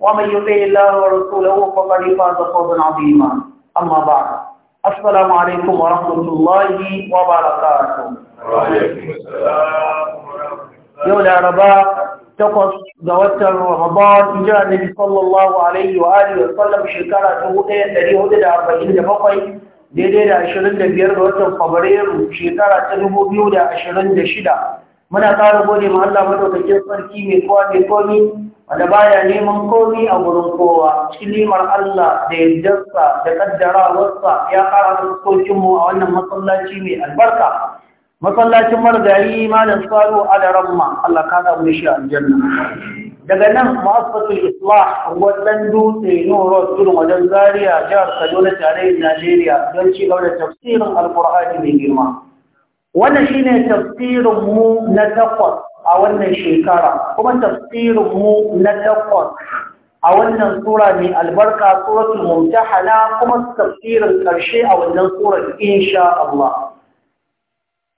ومن يطع الله ورسوله فقد فاز فوزا عظيما اما بعد السلام عليكم ورحمه الله وبركاته وعليكم السلام يوم الله تقص دوات رمضان جاء النبي صلى الله عليه واله وسلم شكرا تهودي تري هو أربعين دقيقة daidai da ashirin da biyar ga watan دوت shekara شكرا dubu biyu da ashirin da shida muna ƙara gode ما الله madaukakin sarki mai kowa mai wanda baya neman komi a gurin kowa limar Allah da yardarsa da kaddarawarsa ya fara mu a wannan masallaci mai albarka masallacin margari malam salo alaramma Allah ka da mu shi aljanna daga nan mu'assasatul islah wannan dutse nuru tudun wajen zaria jihar Kaduna tarayyar Najeriya don ci gaba da tafsirin alqur'ani mai girma wannan shine tafsirin mu na takwas a wannan shekara kuma tafsirin mu na takwas a wannan sura mai albarka suratul mumtahana kuma tafsirin ƙarshe a wannan sura insha Allah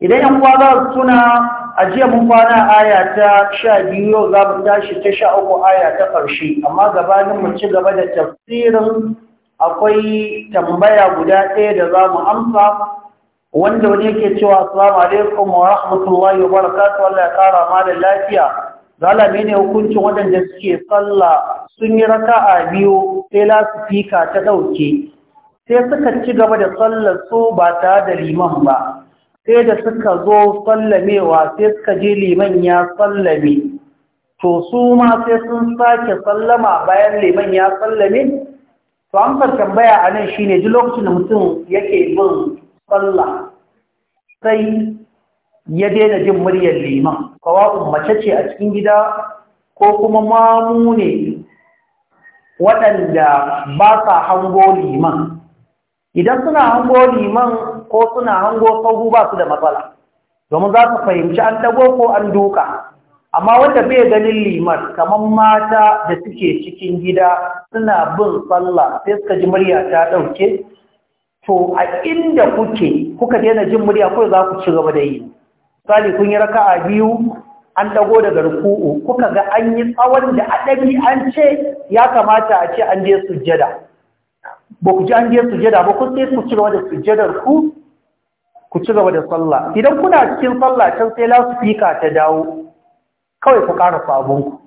idan yan uwa za su tuna a jiya mun kwana aya ta sha biyu yau za mu tashi ta sha uku aya ta ƙarshe amma gabanin mu ci gaba da tafsirin akwai tambaya guda ɗaya da za mu amsa wanda wani yake cewa assalamu alaikum wa rahmatullahi wa barakatuh Allah ya kara ma da lafiya zala ne hukuncin waɗanda suke sallah sun yi raka'a biyu sai fika ta ɗauke sai suka ci gaba da sallar su ba tare da liman ba sai da suka zo sallamewa sai suka je liman ya sallame to su ma sai sun sake sallama bayan liman ya sallame to amsar tambaya a nan shine duk lokacin da mutum yake bin sallah sai ya daina jin muryar liman kawa'un mace ce a cikin gida ko kuma mamu ne waɗanda ba sa hango liman idan suna hango liman ko suna hango sauru ba su da matsala domin za su fahimci an dago ko an duka amma wanda bai ganin liman kamar mata da suke cikin gida suna bin sallah sai suka ji murya ta ɗauke to a inda kuke kuka daina jin murya ko za ku ci gaba da yi misali kun yi raka'a biyu an dago daga ruku'u kuka ga an yi tsawon da adabi an ce ya kamata a ce an je sujjada ba ku ji an je sujjada ba kun sai ku ci gaba da sujjadar ku ku ci gaba da sallah idan kuna cikin sallah can sai fika ta dawo kawai ku ƙara ku.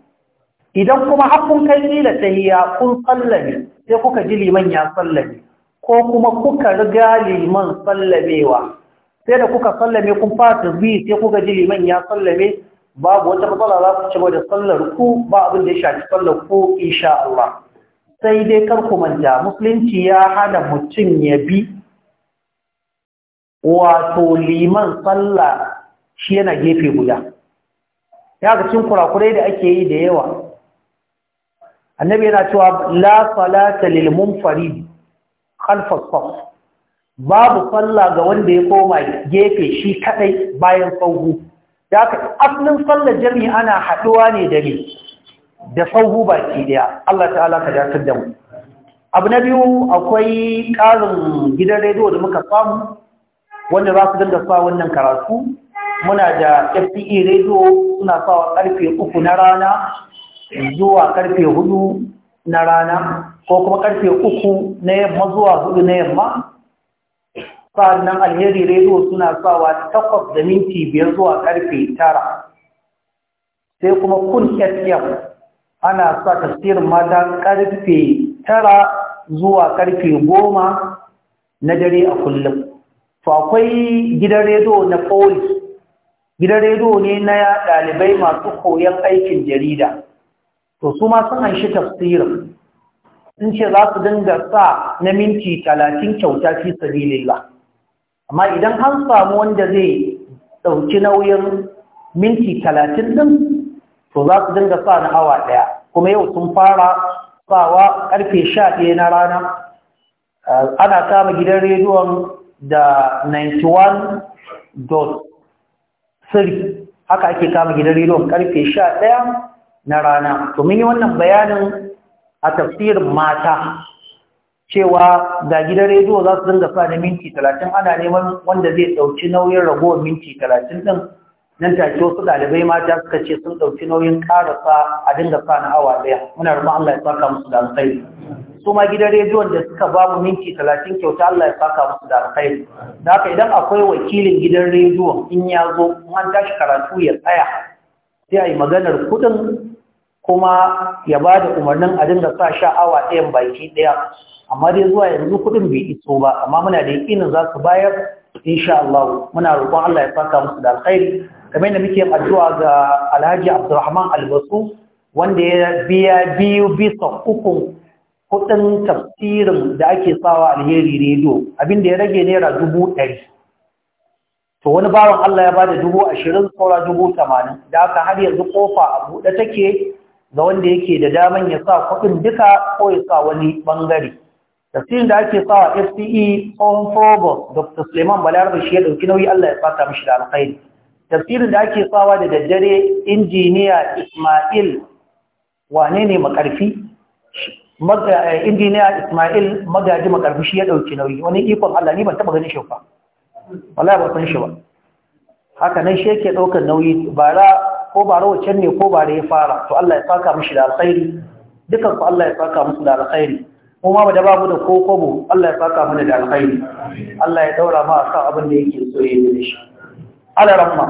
idan kuma hakkun kai kila tahiya kun sallame sai kuka ji liman ya sallame ko kuma kuka riga liman sallamewa sai da kuka sallame kun fata bi sai kuka ji liman ya sallame babu wata matsala za ku ci da sallar ku ba abin da ya shafi sallar ku insha Allah sai dai kar ku manta musulunci ya hana mutum ya bi wato liman sallah shi yana gefe guda ya ga cin kurakurai da ake yi da yawa annabi yana cewa la salata lil munfarid khalfa saf babu sallah ga wanda ya koma gefe shi kadai bayan sauhu da ka asalin sallar jami ana haduwa ne da ne da sauhu baki daya Allah ta'ala ka dace da mu abu na biyu akwai ƙarin gidan rediyo da muka samu wanda za su dinga sa wannan karatu muna da FPE rediyo suna sawa karfe uku na rana zuwa karfe hudu na rana ko kuma karfe uku na yamma zuwa hudu na yamma sa'annan alheri rediyo suna sawa takwas da minti biyar zuwa karfe tara sai kuma kun fm ana sa tasirin mata karfe tara zuwa karfe goma na dare a kullum to akwai gidan rediyo na polis gidan rediyo ne na ɗalibai masu koyon aikin jarida to su ma sun shi tafsirin sun ce za su dinga sa na minti talatin kyauta fi sabilillah amma idan an samu wanda zai ɗauki nauyin minti talatin ɗin to za su dinga sa na awa ɗaya kuma yau sun fara sawa ƙarfe sha ɗaya na rana eh, ana kama gidan rediyon da 91.3 haka ake kama gidan rediyon ƙarfe sha ɗaya na rana to mun yi wannan bayanin a tafsirin mata cewa ga gidan rediyo za su dinga sa da minti talatin ana neman wanda zai ɗauki nauyin ragowar minti talatin ɗin nan take wasu ɗalibai mata suka ce sun ɗauki nauyin ƙarasa a dinga sa na awa ɗaya muna rufe Allah ya saka musu da alkhairi su ma gidan rediyon da suka ba mu minti talatin kyauta Allah ya saka musu da alkhairi da haka idan akwai wakilin gidan rediyon in ya zo tashi karatu ya tsaya sai a yi maganar kuɗin kuma ya ba da umarnin a dinga sa sha'awa ɗayan baki ɗaya amma dai zuwa yanzu kuɗin bai iso ba amma muna da yakinin za su bayar insha Allah muna roƙon Allah ya saka musu da alkhairi kamar yadda muke addu'a ga Alhaji Abdulrahman Albasu wanda ya biya biyu bisa uku kuɗin tafsirin da ake sawa alheri rediyo abin da ya rage naira dubu ɗari to wani bawan Allah ya bada dubu ashirin saura dubu tamanin da aka har yanzu kofa a buɗe take ga wanda yake da daman ya sa kuɗin duka ko ya sa wani ɓangare. Tafsirin da ake sa FCE on Phobos Dr. Suleiman Balarabe shi ya ɗauki nauyi Allah ya fata mishi da alkhairi. Tafsirin da ake sawa da daddare injiniya Ismail wane ne makarfi? Eh, injiniya Ismail magaji makarfi shi ya ɗauki nauyi wani ikon Allah ni ban taɓa ganin shi ba. Wallahi ba san shi ba. Haka nan shi yake ɗaukar nauyi bara ko ba rawacin ne ko ba da ya fara to Allah ya saka mishi da alkhairi dukan ku Allah ya saka musu da alkhairi mu ma ba da babu da ko kobo Allah ya saka mana da alkhairi Allah ya daura ma akan abin da yake so yayi da shi ala rahma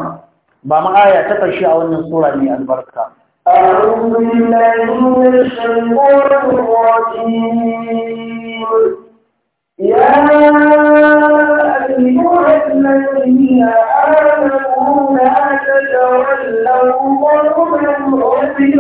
ba mu aya ta karshe a wannan sura ne albarka أعوذ بالله من الشيطان الرجيم يا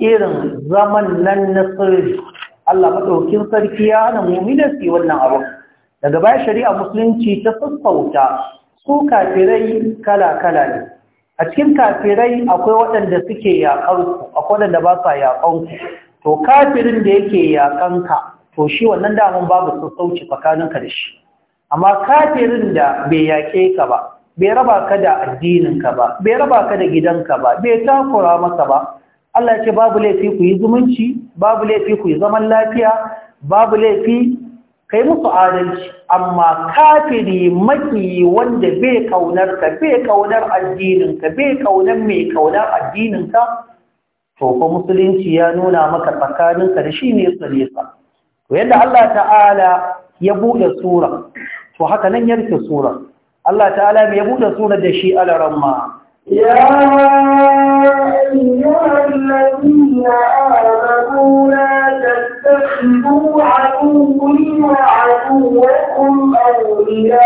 irin zaman nan na sirri Allah maɗaukin sarki ya hana mumina su yi wannan abu daga baya shari'a musulunci ta sassauta su kafirai kala-kala ne a cikin kafirai akwai waɗanda suke ku, akwai waɗanda ba sa ku. to kafirin da yake yaƙanka to shi wannan damar babu sassauci tsakaninka da shi amma kafirin da bai yaƙe ka ba bai raba ka da addininka ba bai raba ka da gidanka ba bai takura masa ba Allah ya ce babu laifi ku yi zumunci babu laifi ku yi zaman lafiya babu laifi kai musu adalci amma kafiri maki wanda bai kaunar ka bai kaunar addinin ka bai kaunar mai kaunar addinin ka to fa musulunci ya nuna maka tsakaninka da shi ne tsalisa to yadda Allah ta'ala ya bude sura to haka nan ya rufe sura Allah ta'ala mai ya buɗe sura da shi alaramma ya أيها الذين آمنوا لا تتخذوا عدوي وعدوكم أولياء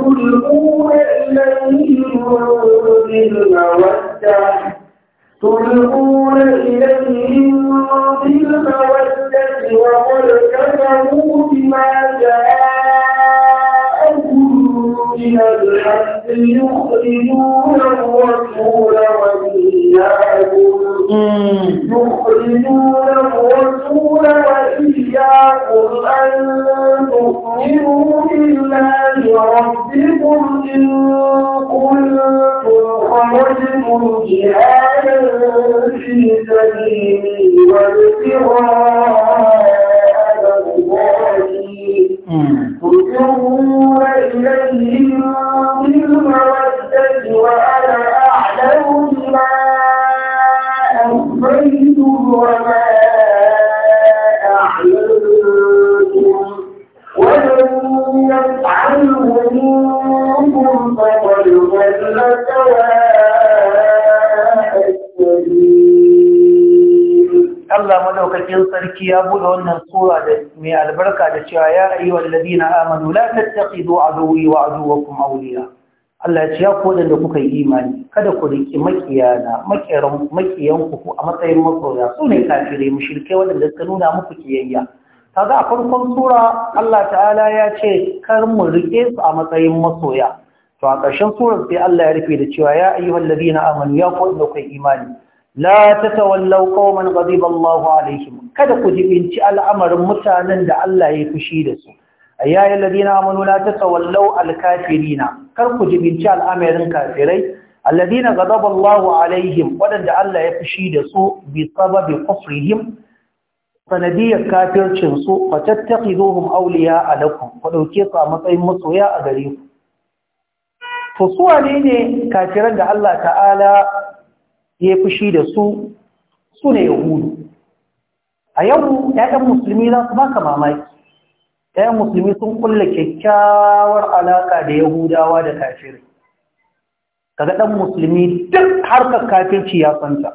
تلقون إليهم بالمودة تلقون الذين آمنوا لا تتخذوا عدوي وعدوكم أولياء Allah ya ce ya ko da kuka yi imani kada ku riki makiyana makiyaran makiyan ku a matsayin makoya su ne kafirai mushrike waɗanda suka nuna muku kiyayya kaga a farkon sura Allah ta'ala ya ce kar mu rike su a matsayin masoya to a ƙarshen surar sai Allah ya rufe da cewa ya ayyuhal ladina amanu ya ko da kuka yi imani la tatawallaw qauman ghadiba Allahu alaihim kada ku jibinci al'amarin mutanen da Allah ya fushi da su ayya Ladina amanu ta tatawallaw alkafirina kar ku jibinci al'amarin kafirai alladhina ghadaba Allahu alaihim waɗanda Allah ya fushi da su bi sababi kufrihim sanadiyar kafircin su auliya a lakum ku ɗauke su a matsayin masoya a gare ku Fusuwa ne kafiran da Allah ta'ala ya fushi da su su ne yahudu a yau ya'yan musulmi za su baka mamaki ɗayan musulmi sun kulle kyakkyawar alaƙa da yahudawa da Ka kaga ɗan musulmi duk harkar kafirci ya santa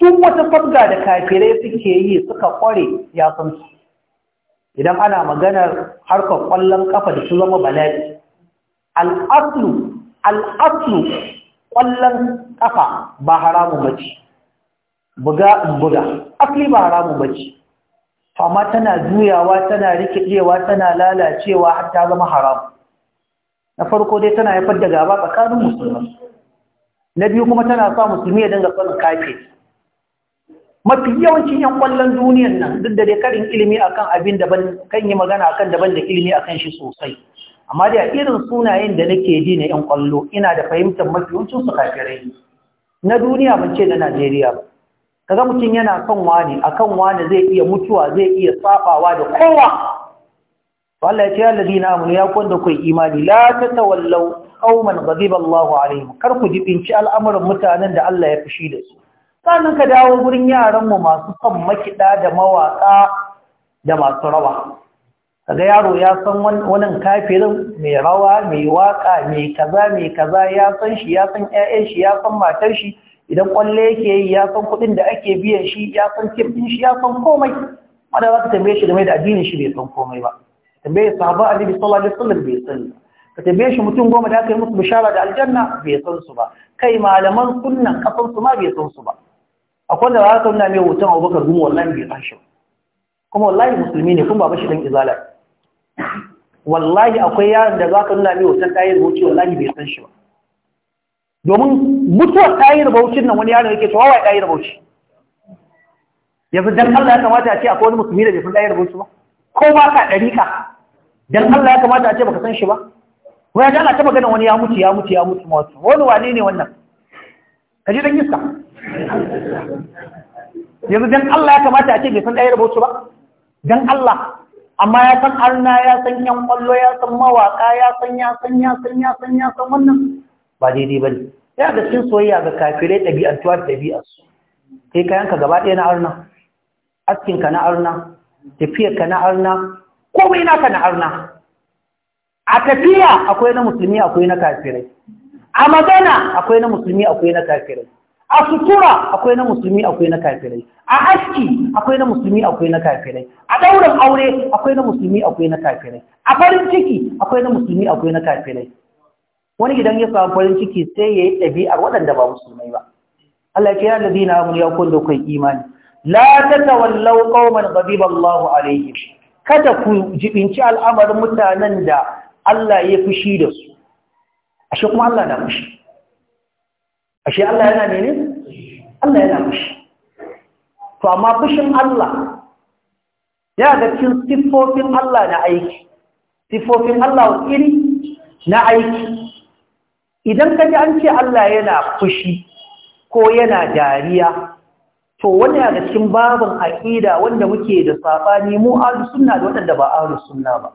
duk wata sabga da kafirai suke yi suka ƙware ya santa idan ana maganar harkar ƙwallon ƙafa da su zama bala'i al'aslu al'aslu ƙwallon ƙafa ba haramun bace buga buga asli ba haramun bace amma tana juyawa tana rikidewa tana lalacewa har ta zama haram na farko dai tana haifar da gaba tsakanin musulmi na biyu kuma tana sa musulmi ya danga sanin kafe mafi yawancin yan kwallon duniyan nan duk da dai karin ilimi akan abin ban kan yi magana akan daban da ilimi akan shi sosai amma dai, irin sunayen da nake ji na yan kwallo ina da fahimtar mafi yawancin su kafirai na duniya ban ce na Najeriya ba kaga mutum yana kan wani akan wani zai iya mutuwa zai iya tsafawa da kowa Allah ya ce alladina amanu ya kwanda kai imani la tatawallaw qauman ghadiba Allahu alaihim kar ku jibinci al'amuran mutanen da Allah ya fushi da su sannan ka dawo gurin yaran mu masu son makida da mawaka da masu rawa kaga yaro ya san wannan kafirin mai rawa mai waka mai kaza mai kaza ya san shi ya san ƴaƴan shi ya san matar shi idan kwalle yake yi ya san kuɗin da ake biyan shi ya san kim shi ya san komai wanda za ka tambaye shi da game da addinin shi bai san komai ba tambaye sahaba annabi sallallahu alaihi wasallam bai san. ka tambaye shi mutum goma da aka yi musu bishara da aljanna bai san su ba kai malaman sunnan kasan su ma bai san su ba akwai da za ka nuna mai hoton abubakar gumo wallahi bai san shi kuma wallahi musulmi ne kun ba bashi dan izala wallahi akwai yaron da za ka nuna mai hoton ɗayan hoci wallahi bai san shi ba domin mutuwar ɗayir baucin nan wani yaro yake cewa wai ɗayir bauci yanzu dan Allah ya kamata a ce akwai wani musulmi da bai san ɗayir bauci ba ko ba ka ɗariƙa dan Allah ya kamata a ce baka san shi ba wai ya Allah ta magana wani ya mutu ya mutu ya mutu mutu wani wane ne wannan ka ji dan iska yanzu dan Allah ya kamata a ce bai san ɗayir bauci ba dan Allah amma ya san arna ya san yan kwallo ya san mawaka ya san ya san ya san ya san wannan ba daidai ba ne ya ga cin soyayya ga kafirai tuwa da ɗabi'arsu kai kayanka gaba ɗaya na arna Askin ka na arna tafiyar ka na arna komai naka na arna a tafiya akwai na musulmi akwai na kafirai a magana akwai na musulmi akwai na kafirai a sutura akwai na musulmi akwai na kafirai a aski akwai na musulmi akwai na kafirai a ɗaurin aure akwai na musulmi akwai na kafirai a farin ciki akwai na musulmi akwai na kafirai wani gidan ya samu farin ciki sai ya yi ɗabi'ar waɗanda ba musulmai ba Allah ce yana zina mun amur ya kun da kai imani la ta tawallau qauman ghadiba Allahu alaihim kada ku jibinci al'amarin mutanen da Allah ya fushi da su ashe kuma Allah na fushi ashe Allah yana nene? Allah yana fushi to amma fushin Allah ya ga cikin siffofin Allah na aiki siffofin Allah iri na aiki idan ka ji an ce Allah yana fushi ko yana dariya to wani a cikin babin aƙida wanda muke da sabani mu ahlus sunna da waɗanda ba ahlus sunna ba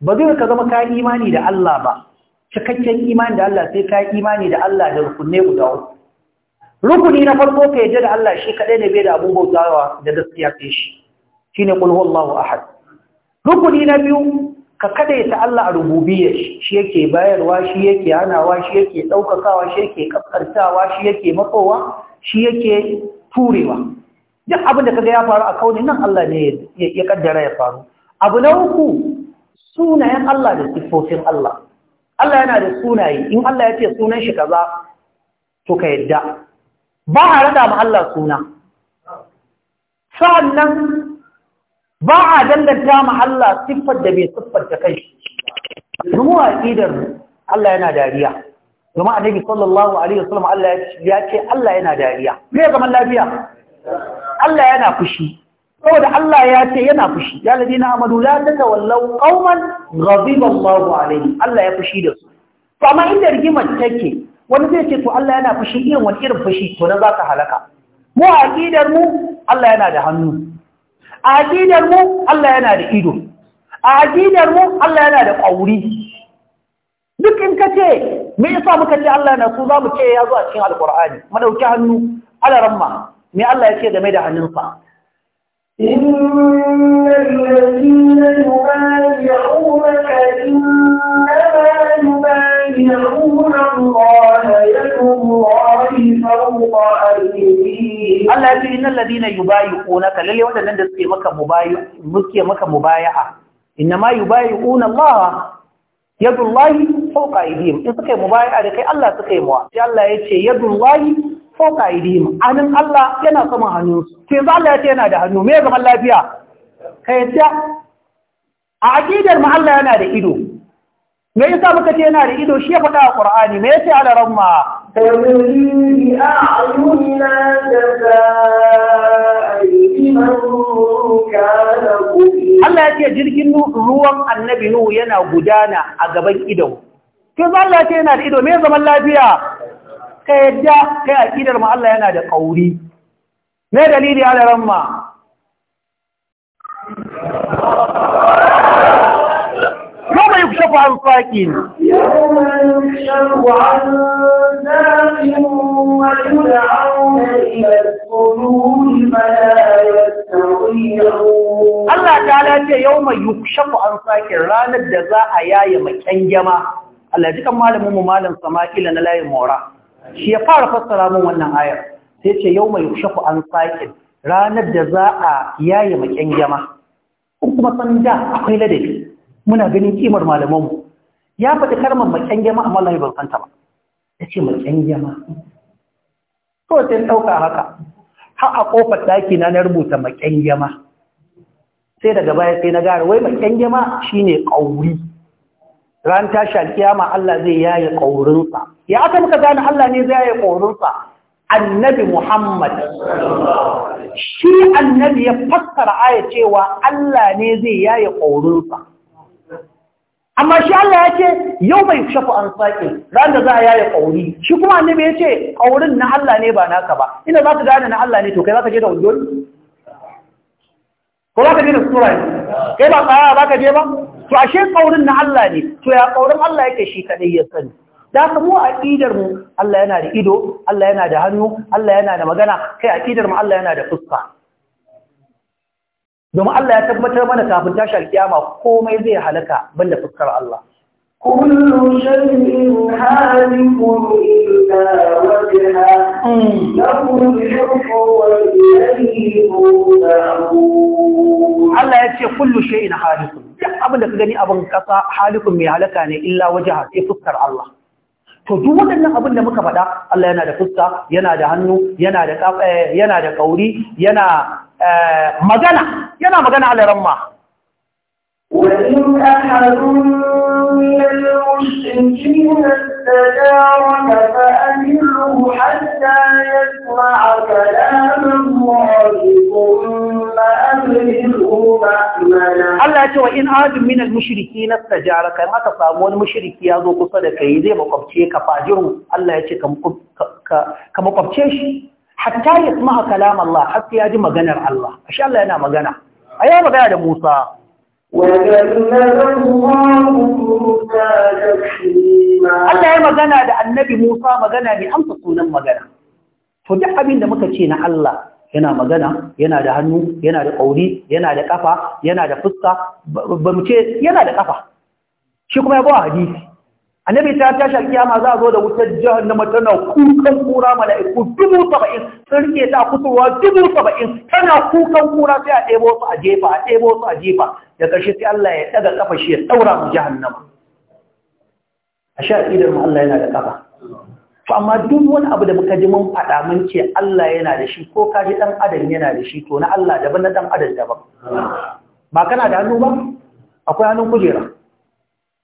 ba zai ka zama ka imani da Allah ba cikakken imani da Allah sai ka imani da Allah da rukunne guda uku rukuni na farko ka yarda da Allah shi kadai ne bai da abubuwa zawa da gaskiya sai shi shine qul huwallahu ahad rukuni na biyu ka ya Allah a rububiyar shi yake bayarwa shi yake hanawa shi yake ɗaukakawa shi yake kaskartawa shi yake makowa, shi yake turewa duk abin da kaga ya faru a kauni nan Allah ne ya kaddara ya faru abu na uku sunayen Allah da siffofin Allah Allah yana da sunaye in Allah ya ce sunan shi kaza to ka yadda ba a rada ma Allah suna sa'annan ba a danganta ma Allah siffar da bai siffar da kai a aqidar Allah yana dariya domin annabi sallallahu alaihi wasallam Allah ya ce Allah yana dariya me zaman lafiya Allah yana fushi saboda Allah ya ce yana fushi ya ladina amadu la wallau qauman ghadiba Allahu alaihim Allah ya fushi da su to amma inda rigimar take wani zai ce to Allah yana fushi irin wani irin fushi to nan zaka halaka mu a aqidar mu Allah yana da hannu a aƙidar mu Allah yana da ido a aƙidar mu Allah yana da ƙauri duk in ka ce me yasa muka ce Allah na su zamu ce ya zo a cikin alƙur'ani madauki hannu alaramma me Allah ya ce game da hannunsa إن الذين Allah ya ce, "Nalladina yi bayi ƙuna, kalile waɗannan da suke maka muke maka mubaya'a, ina ma yi bayi ƙuna Allah, yadun layi fauka idim, in suke yi mubaya'a da kai Allah suka yi muwa. sai Allah ya ce, "Yadun layi fauka idim, Anan Allah yana sama hannu, sai za Allah ya ce yana da hannu, me zaman lafiya, kai ta, a aƙidar ma Allah yana da ido, me yasa muka ce yana da ido shi ya faɗa a Ƙura'ani, me ya ce ala ramma بأعيننا جزاء Allah ya ce jirgin ruwan annabi Nuhu yana gudana a gaban ido. Kin Allah ce yana da ido me zaman lafiya? Ka yadda kai mu Allah yana da ƙauri. Me dalili ya da ramma? يعرف عن ساكن يوم يحشر عن ساكن ويدعون An الظلوم فلا يستطيعون الله تعالى يوم يكشف عن ساكن Allah jikan malamin mu malam Sama'ila na layin Mora shi ya fara fassara min wannan ayar sai ce yauma yushafu an saqil ranar da za a yaye makin jama kuma san da akwai ladabi muna ganin kimar malamanmu ya faɗi karmar makyan jama amma Allah bai ba ya ce maƙyan jama kawai sai ɗauka haka har a ƙofar ɗaki na na rubuta makyan jama sai daga baya sai na gara wai maƙyan jama shine ƙauri ran tashi alkiyama Allah zai yaye ƙaurinsa ya aka muka gane Allah ne zai yaye ƙaurinsa annabi Muhammad shi annabi ya fassara aya cewa Allah ne zai yaye ƙaurinsa amma shi Allah ya ce yau bai shafa an sake ran da za a yaya kauri shi kuma annabi ya ce kaurin na Allah ne ba naka ba ina za ka gane na Allah ne to kai za ka je da wujud ko za ka je da sura kai ba tsaya ba ka je ba to ashe kaurin na Allah ne to ya kaurin Allah yake shi kadai ya sani da ka mu aqidar mu Allah yana da ido Allah yana da hannu Allah yana da magana kai aqidar mu Allah yana da fuska domin Allah ya tabbatar mana kafin tashi alkiyama komai zai halaka banda fuskar Allah kullu shay'in halikun illa wajha hmm. lahu al-hukmu wa ilayhi Allah ya ce kullu shay'in halikun duk abin da ka gani abin kasa halikun mai halaka ne illa wajha sai fuskar Allah to duk waɗannan abin da muka faɗa Allah yana da fuska yana da hannu yana da eh, yana da yana magana yana magana a ramma وإن أحد من المشركين استجارك فأجره حتى يسمع كلام الله ثم أبلغه مأمنا الله يقول وإن أحد من المشركين استجارك ما تصامون مشركي يذوق صدقه زي مقبتيه كفاجره الله يقول كمقبتيه hatta ya kuma a kalam Allah ya ji maganar Allah ashe Allah yana magana a ya magana da Musa Allah ya magana da annabi Musa magana ne amsa sunan magana to duk abin da muka ce na Allah yana magana yana da hannu yana da ƙauri yana da ƙafa yana da fuska ba mu ce yana da ƙafa shi kuma ya bawa hadisi annabi ta tashi alkiyama za a zo da wutar jahannama tana kukan kura mala'iku dubu saba'in sun rike ta kusurwa dubu saba'in tana kukan kura sai a ɗebo su a jefa a ɗebo su a jefa da ƙarshe sai Allah ya ɗaga ƙafa shi ya ɗaura mu jahannama a sha idar mu Allah yana da ƙafa to amma duk wani abu da muka ji mun faɗa mun ce Allah yana da shi ko ka ji ɗan adam yana da shi to na Allah daban na ɗan adam daban ba kana da hannu ba akwai hannun kujera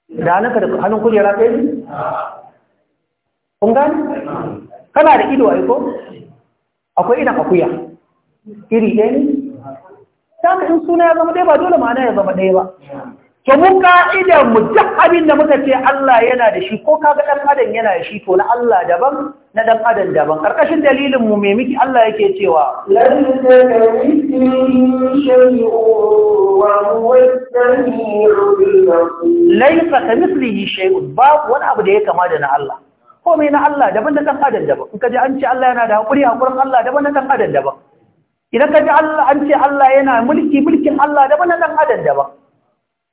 da naka da hannun kujera ɗaya yi kun kana da ido aiko? akwai idan akuya iri ɗaya ne? ta in suna ya zama ɗaya ba dole ma'ana ya zama ɗaya ba to mu ka'idar mu duk abin da muka ce Allah yana da shi ko kaga dan adam yana da shi to na Allah daban na dan adam daban karkashin dalilin mu me miki Allah yake cewa lan laysa kamithlihi shay'un babu wani abu da ya kama da na Allah komai na Allah daban da dan adam daban in ka ji an ce Allah yana da hakuri hakurin Allah daban na dan adam daban idan ka ji Allah an ce Allah yana mulki mulkin Allah daban na dan adam daban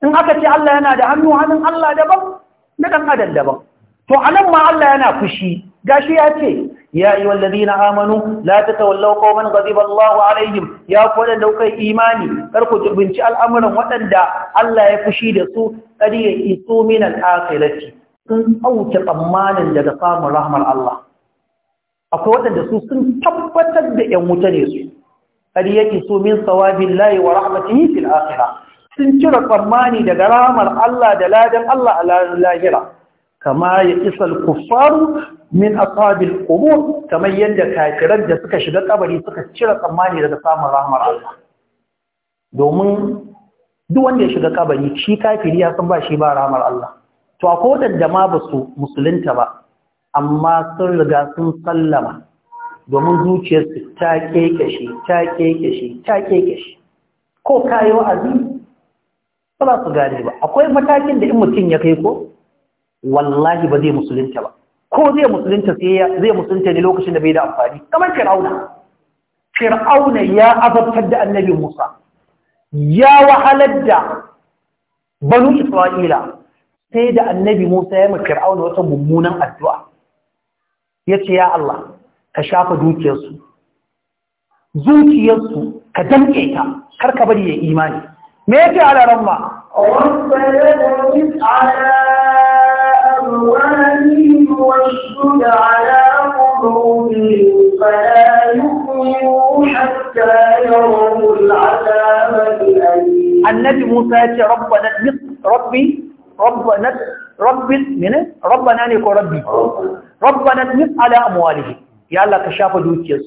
in aka ce Allah yana da hannu hannun Allah daban na ɗan adam daban to nan ma Allah yana fushi gashi ya ce ya ayyuhal ladina amanu la tatawallaw qauman ghadiba Allahu alaihim ya fi wadanda kuka imani kar ku jibinci al'amuran waɗanda Allah ya fushi da su kadi ya isu min al-akhirati sun auke tsammanin daga samun rahmar Allah akwai waɗanda su sun tabbatar da yan wuta ne su kadi ya isu min sawabillahi wa rahmatihi fil akhirah sun cire tsammani daga ramar Allah da ladan Allah a ranar lahira kama ya isar kuffaru min asabil qubur kamar yadda kafiran da suka shiga kabari suka cire tsammani daga samun rahmar Allah domin duk wanda ya shiga kabari shi kafiri ya san ba shi ba ramar Allah to akwai wadanda ma ba su musulunta ba amma sun riga sun sallama domin zuciyarsu ta kekeshe ta kekeshe ta kekeshe ko kayi wa'azi ba za su gane ba akwai matakin da in mutum ya kai ko wallahi ba zai musulunta ba ko zai musulunta sai zai musulunta ne lokacin da bai da amfani kamar fir'auna fir'auna ya azabtar da annabi Musa ya wahalar da banu Isra'ila sai da annabi Musa ya mai fir'auna wata mummunan addu'a ya ce ya Allah ka shafa dukiyarsu zuciyarsu ka damke ta ka bari ya imani ميتي على رمى النبي موسى يأتي ربنا نت ربي ربنا رب من ربنا نيكو ربي ربنا نت على أموالهم يا الله تشافوا دوتيس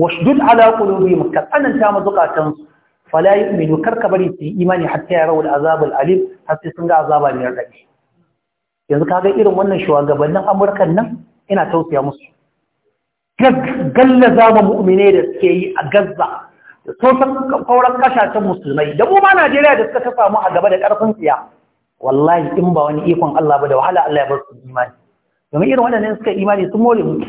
واشدد على قلوبهم كأن انت مزقاتهم fala kar ka bari su yi imani hatta ya rawul azabul alim har sai sun ga azaba ne radadi yanzu kaga irin wannan shugabannin amurkan nan ina tausaya musu gallaza ma mu'mine da suke yi a gazza da sauran kashashen musulmai da mu ma najeriya da suka ta samu a gaba da ƙarfin tsiya wallahi in ba wani ikon allah ba da wahala allah ya bar su imani domin irin waɗannan suka imani sun more mutu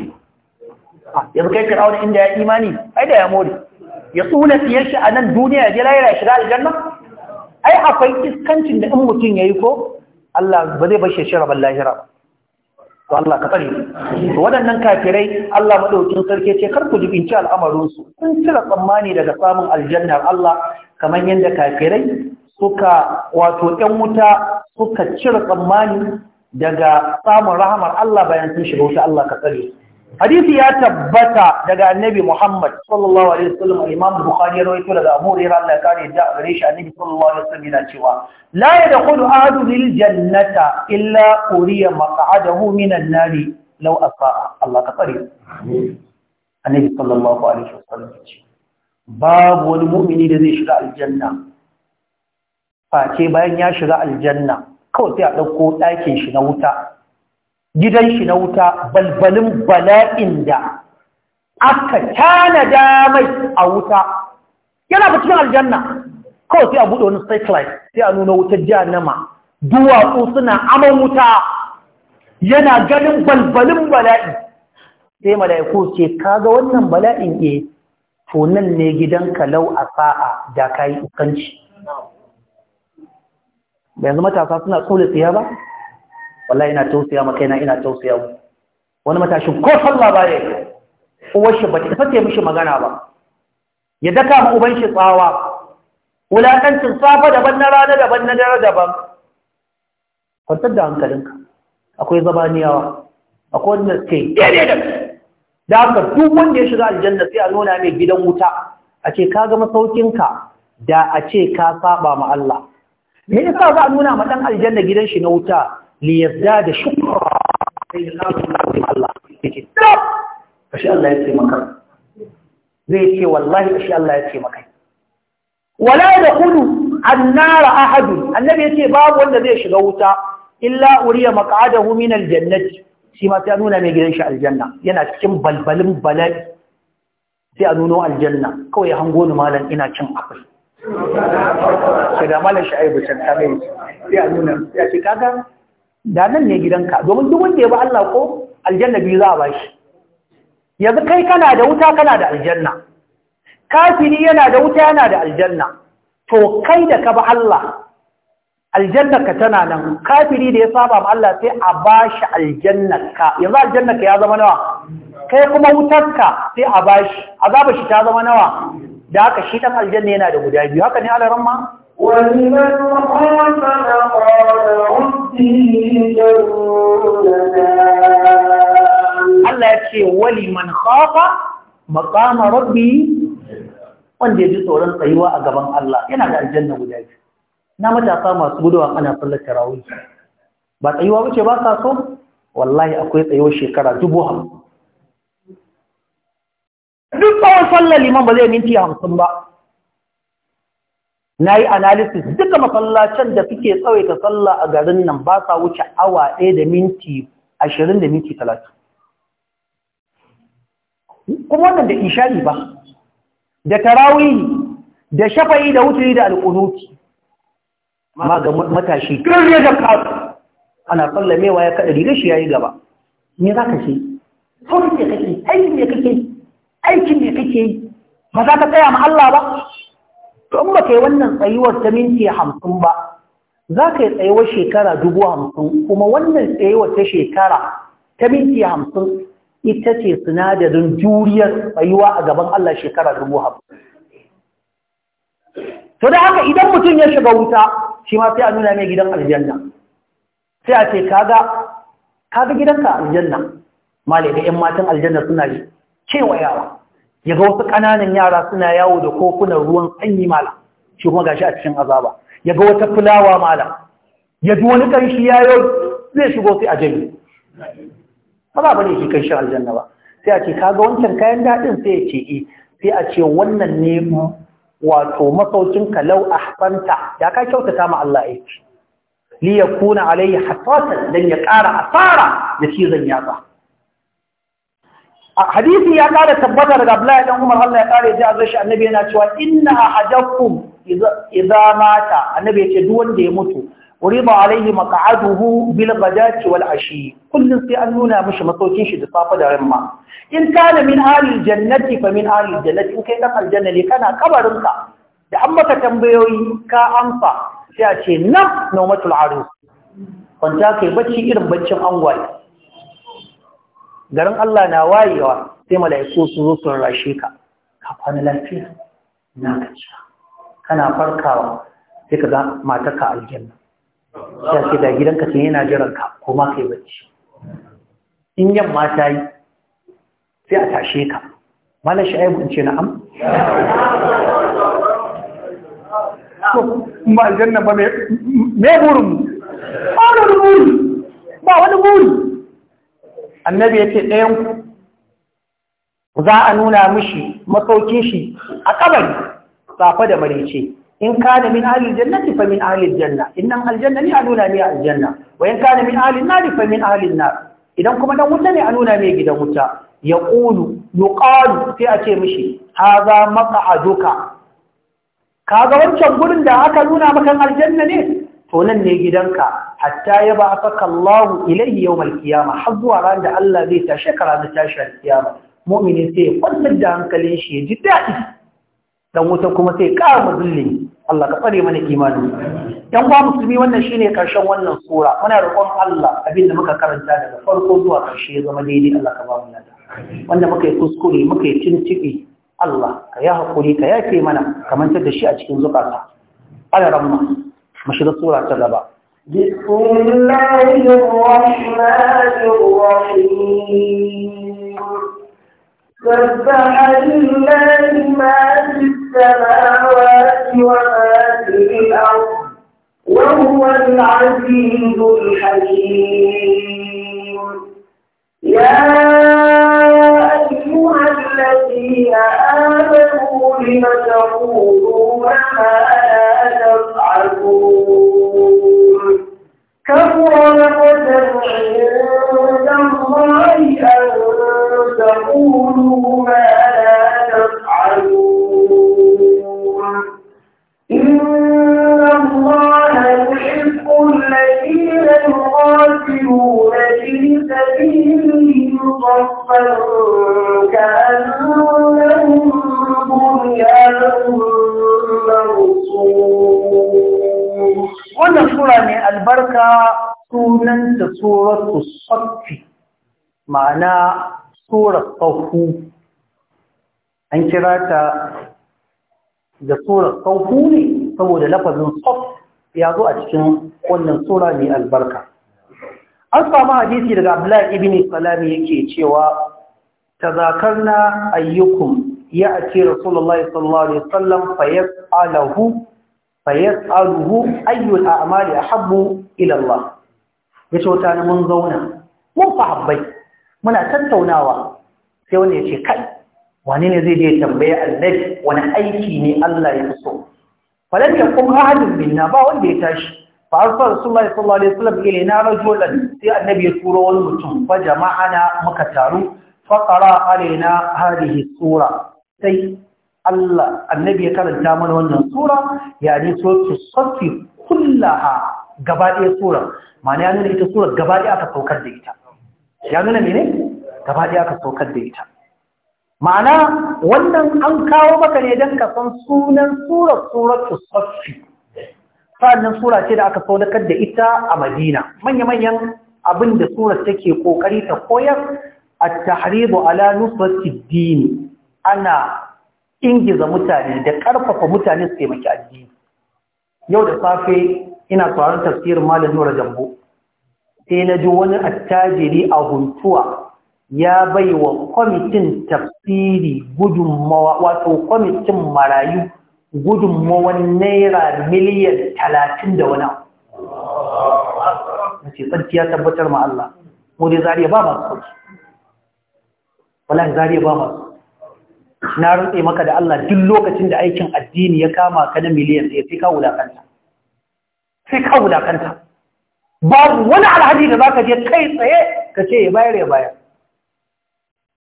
ah, yanzu kai fir'auna inda ya imani ai da ya more ya tsuna siyar shi a nan duniya ya je lahira ya shiga aljanna ai akwai iskancin da in mutum ya yi ko Allah ba zai bashe shi rabon lahira ba to Allah ka tsare to waɗannan kafirai Allah maɗaukin sarki ce kar ku jibinci al'amarinsu sun cire tsammani daga samun aljannar Allah kamar yadda kafirai suka wato ɗan wuta suka cire tsammani daga samun rahamar Allah bayan sun shiga wuta Allah ka tsare hadisi ya tabbata daga annabi Muhammad sallallahu alaihi wasallam Imam Bukhari ya rawaito daga Abu Hurairah Allah ya kare da gare shi annabi sallallahu alaihi wasallam yana cewa la yadkhulu ahadu lil jannata illa uriya maq'adahu minan nari law asaa Allah ka tsare annabi sallallahu alaihi wasallam babu wani mu'mini da zai shiga aljanna face bayan ya shiga aljanna kawai sai a dauko ɗakin shi na wuta gidan shi na wuta balbalin bala'in da aka tana damai a wuta yana ba cikin aljanna kawai sai a buɗe wani satellite sai a nuna wutar jihannama duwatsu suna aman wuta yana ganin balbalin bala'i sai mala'iku ce kaga wannan bala'in e to ne gidan kalau a sa'a da kayi Ba yanzu matasa suna tsole tsaye ba wallahi ina tausaya maka ina ina tausaya mu wani matashin ko sallah ba ne uwar shi bata fate mishi magana ba ya daka mu uban shi tsawa wulakancin safa daban na rana daban na dare daban kwantar da hankalinka akwai zabaniyawa akwai wanda ke daidai da da haka duk wanda ya shiga aljanna sai a nuna mai gidan wuta a ce ka ga ka. da a ce ka saba ma Allah me yasa za a nuna ma dan aljanna gidan shi na wuta liyazdada shukra sai da Allah yake tab kashi Allah ya ce maka zai ce wallahi kashi Allah ya ce maka wala yadkhulu an-nar ahad annabi yace babu wanda zai shiga wuta illa uriya maq'adahu min al-jannati shi ma ta nuna mai gidan shi aljanna yana cikin balbalin balal sai a nuno aljanna kawai ya hango ni malam ina cin sai a da nan ne gidanka domin duk wanda ya ba Allah ko aljanna biyu za a ba shi yanzu kai kana da wuta kana da aljanna kafiri yana da wuta yana da aljanna to kai da ka ba Allah ka tana nan kafiri da ya saba ma Allah sai a bashi aljannarka yanzu ka ya zama nawa kai kuma wutarka sai a bashi azaba shi ta zama nawa da haka shi dan aljanna yana da guda biyu haka ne alaran ma ولمن خاف مقام ربه جنتان الله يكفي ولمن خاف مقام ربه wanda ya ji tsoron tsayuwa a gaban Allah yana da aljanna guda biyu na matasa masu gudawa ana sallar tarawih ba tsayuwa wuce ba ka so wallahi akwai tsayuwar shekara dubu hamsin duk tsawon sallar liman ba zai minti hamsin ba na yi analysis duka masallacin da suke tsawaita sallah a garin nan ba sa wuce awa ɗaya da minti ashirin da minti talatin kuma wannan da ishari ba da tarawi da shafayi da wuturi da alƙunuti ma ga matashi kirya da ƙasa ana mewa ya kaɗa rigar shi ya yi gaba me za ka ce saurin ne kake aikin ne kake aikin ne kake ba za ka tsaya ma Allah ba to in baka yi wannan tsayuwar ta minti hamsin ba za ka yi tsayuwar shekara dubu hamsin kuma wannan tsayuwar ta shekara ta minti hamsin ita ce sinadarin juriyar tsayuwa a gaban Allah shekara dubu hamsin to da haka idan mutum ya shiga wuta shi ma sai a nuna mai gidan aljanna sai a ce kaga kaga gidanka aljanna malaka yan matan aljanna suna cewa yawa ya ga wasu kananan yara suna yawo da kofunan ruwan sanyi malam shi kuma gashi a cikin azaba Yaga wata fulawa malam ya wani ƙanshi ya zai shigo sai a jami ba ba ne shi ƙanshin aljanna ba sai a ce kaga wancan kayan daɗin sai ya ce eh. sai a ce wannan ne wato masaukin kalau ahsanta ya ka kyautata ma Allah aiki li yakuna alayhi hasatan dan ya ƙara asara da cizon yatsa hadisi ya kara tabbata daga Abdullahi dan Umar Allah ya kare ji azza shi annabi yana cewa inna ahadakum idza mata annabi yace duk wanda ya mutu uriba alaihi maq'aduhu bil ghadati wal ashi kullun sai an nuna mishi masaukin shi da safa da ramma in kana min ahli jannati fa min ahli jannati in kai dan aljanna ne kana ka da an maka tambayoyi ka amsa sai a ce nam nawmatul arus kwanta kai bacci irin baccin angwaye garin Allah na wayewa sai mala'iku su zo su rashe ka ka kwana lafiya na gajiya kana farkawa sai ka ga matarka aljanna sai ce da gidanka ce yana jiran ka ko ma kai bacci in yamma ta yi sai a tashe ka malam sha'ibu in ce na'am ba aljanna ba me burin ba wani buri ba wani burin. annabi ya ce ɗayan za a nuna mishi masaukin shi a kabari safa da marice in da min halin janna, fa min halin janna innan aljanna ne a nuna ne aljanna wa in da min halin nari fa min halin nar idan kuma dan wuta ne a nuna ne gidan wuta yaqulu yuqalu sai a ce mishi doka. Ka ga wancan gurin da aka nuna makan aljanna ne to nan ne gidanka hatta ya ba afaka Allah ilayhi yawmal qiyamah har zuwa ran da Allah zai tashi ranar tashi a qiyama mu'mini sai kwantar da hankalin shi ya ji daɗi dan wuta kuma sai kara mazulli Allah ka tsare mana imani yan ba musulmi wannan shine karshen wannan sura muna roƙon Allah abin da muka karanta daga farko zuwa karshe zama daidai Allah ka ba mu lada wanda muka yi kuskure muka yi cincibi Allah ka ya hakuri ka yafe mana kamar da shi a cikin zukata ala ramma مش ده صورة كده بقى بسم الله الرحمن الرحيم سبح لله ما في السماوات وما في الأرض وهو العزيز الحكيم يا أيها الذين آمنوا لم تقولون ما لا تفعلون كبر مقتا عند الله أن تقولوا ما لا تفعلون القاتلون في سبيل صفا كأنهم بنيان wannan sura ne albarka sunanta suratu saffi ma'ana surar sauku an kira ta da surar sauku ne saboda lafazin saff ya zo a cikin wannan sura ne albarka an samu hadisi daga abdullahi ibn salami yake cewa tazakarna ayyukum ya ati rasulullahi sallallahu alaihi wasallam fayasalahu fayasaluhu ayyul a'mali ahabbu ila Allah yace wata ne mun zauna mun fahabbai muna tattaunawa sai wanda yace kai wane ne zai je tambaye annabi wani aiki ne Allah ya so falan yakum ahadun binna, ba wanda ya tashi فأرسل رسول annabi ya الله wani mutum إلينا رجلا سي النبي سورة والمتون فجمعنا مكتارو فقرأ علينا هذه السورة سي الله النبي كان الجامل وانا سورة يعني سورة الصفي كلها gabaɗaya tsoron mana ya nuna ita tsoron gabaɗaya aka saukar da ita ya nuna mene gabaɗaya aka saukar da ita ma'ana wannan an kawo maka ne don ka san sunan surar tsoron tsoffi sannan sura ce da aka saunakar da ita a madina manya-manyan abin da surar take kokari ta koyar a tahribu ala nusrati dini ana ingiza mutane da karfafa mutane su taimaki addini yau da safe ina sauraron tafsirin malam Nura Jambo sai na ji wani attajiri a huntuwa ya bai wa kwamitin tafsiri gudunmawa wato kwamitin marayu gudunmowar naira miliyan talatin da wani na ce tsarki ya tabbatar ma Allah Wani zariya ba masu sauki wala zariya ba masu na rutse maka da Allah duk lokacin da aikin addini ya kama ka na miliyan ɗaya sai ka wulakanta fi ka wulakanta babu wani alhaji da za ka je kai tsaye ka ce ya bayar ya bayar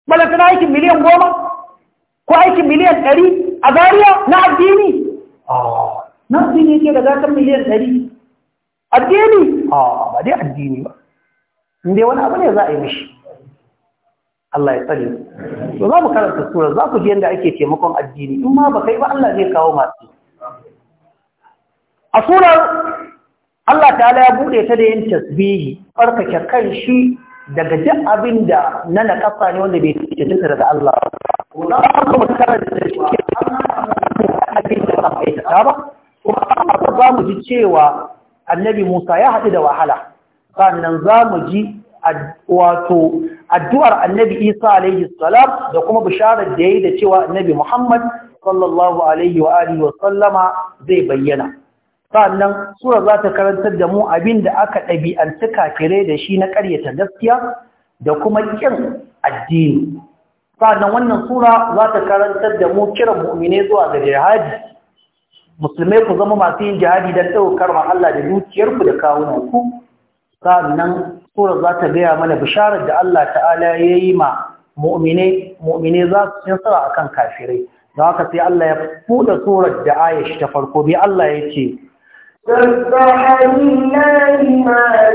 balantana aikin miliyan goma ko aikin miliyan ɗari a zariya na addini ah. na addini ke da zatar miliyan ɗari addini ah, ba dai addini ba inda wani abu ne za a yi mishi Allah ya tsari to za mu karanta sura za ku ji yadda ake taimakon addini in ma ba kai ba Allah zai kawo masu a surar Allah ta'ala ya bude ta da yin tasbihi farkake kan shi daga duk abin da na kafa ne wanda bai tattata daga Allah وده أصلا متكرر الشركة da ba ba za mu ji cewa annabi Musa ya haɗu da wahala sannan za mu ji wato addu'ar annabi Isa alaihi salam da kuma bisharar da ya yi da cewa annabi Muhammad sallallahu alaihi wa alihi wa sallama zai bayyana sannan sura za ta karantar da mu abin da aka ɗabi'anci kafirai da shi na ƙaryata gaskiya da kuma ƙin addini sa'annan wannan sura za ta karantar da mu kiran mu'mine zuwa ga jihadi musulmai ku zama masu yin jihadi don ɗaukar wa Allah da dukiyarku da kawunan ku sa'annan sura za ta gaya mana bisharar da Allah ta'ala ya yi ma mu'mine za su cin sara akan kafirai don haka sai Allah ya buɗe surar da ayashi ta farko bi Allah ya ce سبح لله ما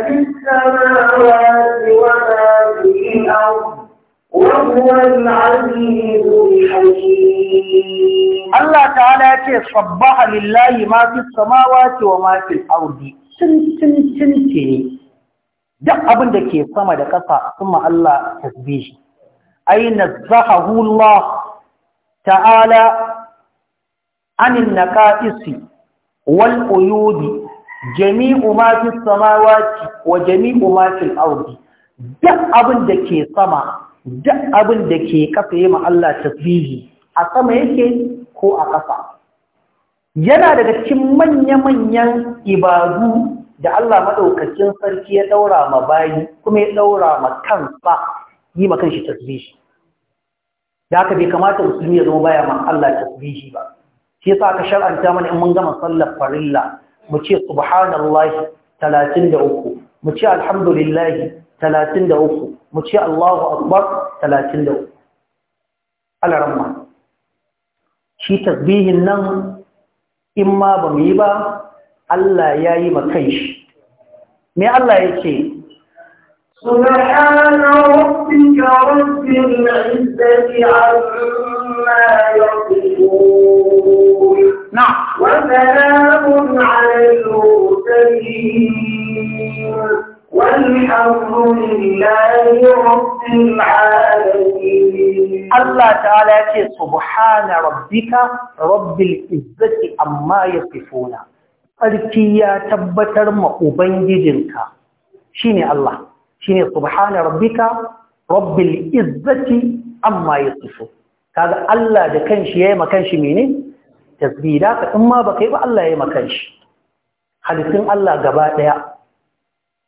في السماوات Allah Ta'ala الحكيم الله تعالى ce wa ma fi في cin cin cin ce ne, duk abin da ke sama da ƙasa kuma Allah shi." ay nazahahu Allah ta'ala anin naqaisi wal uyudi jami'u ma fi sama wa jami'u ma fi duk abin da ke sama duk abin da ke kafa yi ma Allah tasbihi a sama yake ko a ƙasa yana daga cikin manya-manyan ibadu da Allah maɗaukacin sarki ya ɗaura ma bayi kuma ya ɗaura ma kansa yi ma kanshi tasbihi da haka bai kamata musulmi ya zama baya ma Allah tasbihi ba shi yasa aka shar'anta mana in mun gama sallar farilla mu ce da uku. مشي الحمد لله ثلاثين دوخ مشي الله أكبر ثلاثين دو على رمى شيء تسبيه النم إما بميبا الله يا ما كيش ما الله يشي سبحان ربك رب العزة عما يقولون نعم وسلام على المرسلين Allah ta'ala ya ce, Subhana rabbika rabbil izzati amma ya fifona, ƙarfi ya tabbatar ma Ubangijinka shi ne Allah, shi ne Subhana rabbika rabbil izzati amma ya fifo. Kaga Allah da kanshi ya yi makanshi mene? Tasbida ka in ma ba kai ba Allah ya yi makanshi. Halittun Allah gaba ɗaya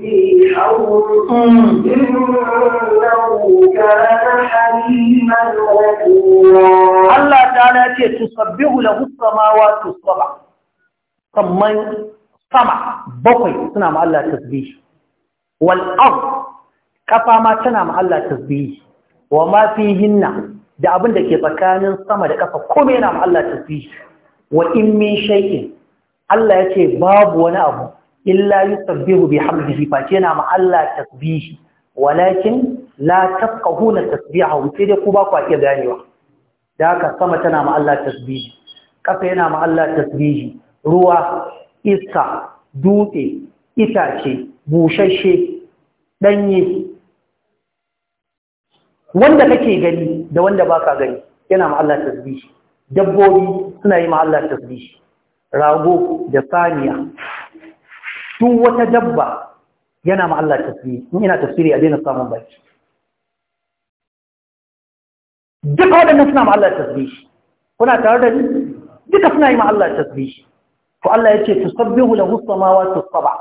Allah ta na ce, "Tu sabbi hula husa mawa tu saba, kamman sama bakwai suna ma'alla ta zbi, wal'ar kafa ma tana ma'alla ta zbi, wa mafi hinna da abin da ke tsakanin sama da kafa kome na ma'alla ta zbi, wa in min shaikin, Allah ya ce, "Babu wani abu." illa yusabbihu bihamdihi fa ce yana ma'alla tasbihi walakin la tafqahuna tasbihu sai dai ku ba ku iya ganewa da haka sama tana ma'alla tasbihi kafa yana ma'alla tasbihi ruwa iska dutse itace bushashe danye wanda kake gani da wanda baka gani yana ma'alla tasbihi dabbobi suna yi ma'alla tasbihi rago da saniya duk wata dabba yana ma Allah tasiri in ina tasiri a daina samun baki duka waɗannan suna ma Allah tasbih kuna tare da ni duka suna yi ma Allah tasbih to Allah yace tusabbihu lahu samawati sab'a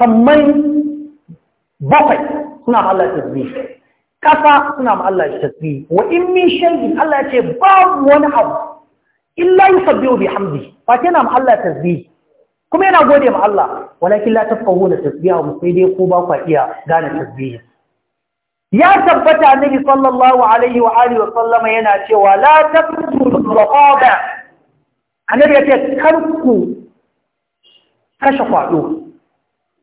sammai bakwai suna ma Allah tasbih kasa suna ma Allah tasbih wa in min shay'in Allah yace babu wani abu illa yusabbihu bihamdi fa kana ma Allah tasbih kuma yana gode ma Allah walakin la tafqahuna tasbihahu sai dai ko ba kwa iya gane tasbihi ya tabbata annabi sallallahu alaihi wa alihi wa sallama yana cewa la tafqahu raqaba annabi ya ce kanku kashe kwado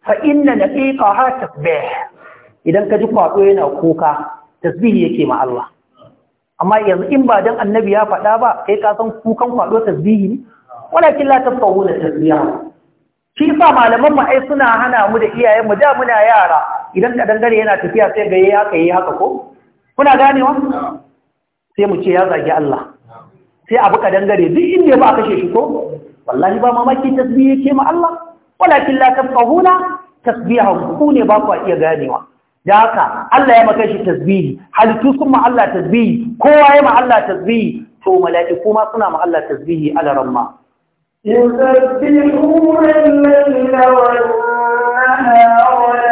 fa inna naqiqaha tasbih idan ka ji kwado yana kuka tasbihi yake ma Allah amma yanzu in ba dan annabi ya faɗa ba kai ka san kukan kwado tasbihi ne walakin la tafqahuna tasbihu shi sa malaman mu ai suna hana mu da iyayen mu da muna yara idan ka dangare yana tafiya sai ga yayi haka yayi haka ko kuna ganewa sai mu ce ya zagi Allah sai abu ka dangare duk inda ba kashe shi ko wallahi ba mamaki tasbih yake ma Allah walakin la tafqahuna tasbihahum ku ne ba ku iya ganewa da haka Allah ya maka shi tasbihi halittu sun ma Allah tasbihi kowa ya ma Allah tasbihi to mala'iku ma suna ma Allah tasbihi ala ramma يسبحون الليل والنهار ولا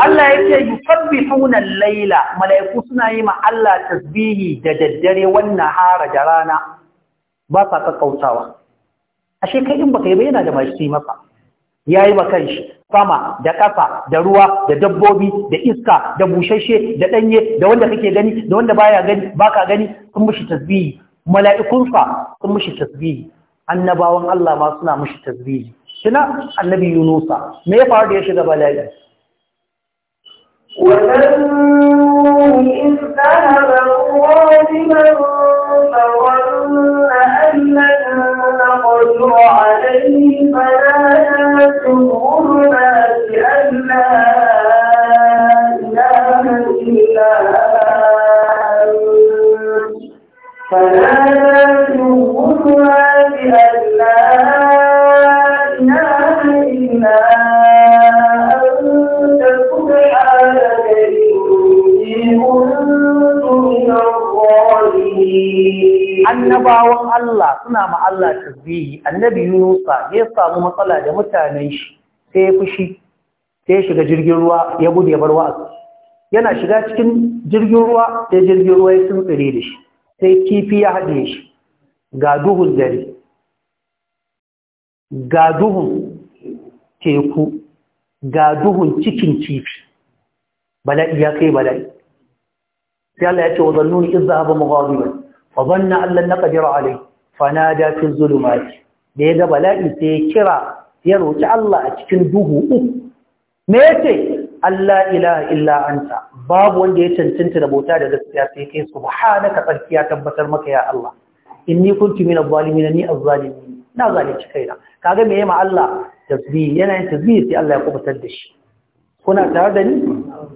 Allah yake yusabbihuna al-laila malaiku suna yi ma Allah tasbihi da daddare wannan hara da rana ba sa kakkautawa ashe kai in baka yi ba yana da mai masa yayi ma shi, sama da ƙasa da ruwa da dabbobi da iska da bushashe da ɗanye, da wanda kake gani da wanda baya gani baka gani sun mushi tasbihi mala'ikunsa sun mushi tasbihi annabawan Allah ma suna mushi tasbihi kina annabi Yunusa me ya faru da ya shiga bala'i وَلَنْ إِذْ ذَهَبَ غَاضِبًا فَوَلَّى annabawan Allah suna ma Allah tasbihi annabi Yunusa ya samu matsala da mutanen shi sai ya fushi sai ya shiga jirgin ruwa ya gudu ya bar wa'azi yana shiga cikin jirgin ruwa sai jirgin ruwa ya tsuntsire da shi sai kifi ya haɗe shi ga duhun dare ga duhun teku ga duhun cikin kifi bala'i ya kai bala'i sai Allah ya ce wa zannuni izza haba mughadiban fa allah na naqdiru alai fa nada fi zulumat da ya ga bala'i sai ya kira ya roki Allah a cikin duhu uku me ce? Allah ilaha illa anta babu wanda ya cancanta da bauta da gaskiya sai kai subhanaka ya tabbatar maka ya Allah inni kuntu minaz na ni az-zalimin na zalunci kaina kaga me ma Allah tasbih yana yin tasbih sai Allah ya kubutar da shi kuna tare da ni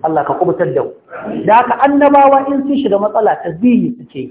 Allah ka kubutar da ku. da haka annabawa in sun shiga matsala tasbihi suke yi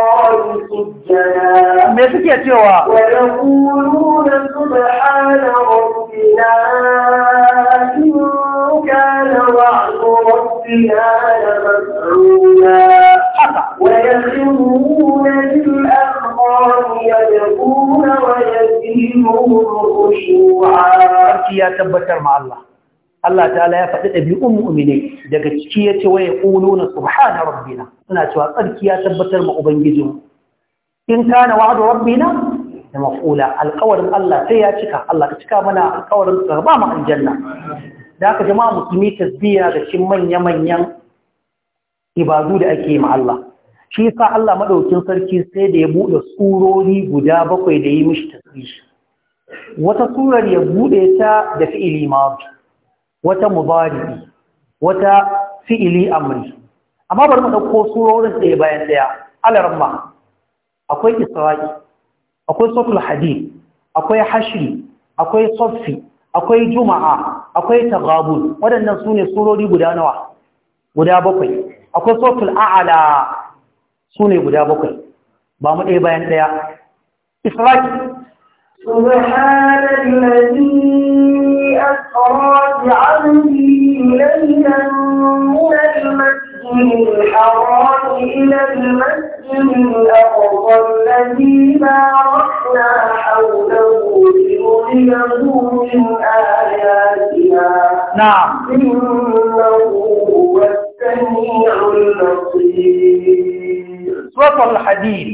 الله سجنا me suke cewa wa yaquluna subhana rabbina in kana wa'du rabbina lamaf'ula wa yakhruna lil أخبار يبكون ويزيدهم خشوعا يا تبتر مع الله Allah ta'ala ya faɗi ɗabi'un mu'mine daga ciki ya ce wa ya ƙununa subhana rabbina suna cewa tsarki ya tabbatar ma ubangijin in kana wa'adu rabbina da maf'ula alƙawarin Allah sai ya cika Allah ka cika mana alƙawarin ka ba mu aljanna da haka jama'a musulmi tasbiya da cikin manya-manyan ibadu da ake ma Allah shi yasa Allah madaukin sarki sai da ya bude surori guda bakwai da yi mishi tasbih wata surar ya bude ta da fi'ili madi wata mubari wata fi'ili amri amma bari mu dauko surorin ɗaya bayan ɗaya alarma akwai isra'i akwai sotul hadid akwai hashri akwai safi akwai juma'a akwai tagabun waɗannan su ne surori guda nawa guda bakwai akwai sotul a'ala su ne guda bakwai ba mu ɗaya bayan ɗaya isra'i أسرى بعبده ليلا من المسجد الحرام إلى المسجد الأقصى الذي باركنا حوله لنريه من آياتنا نعم إنه هو السميع البصير سورة الحديث.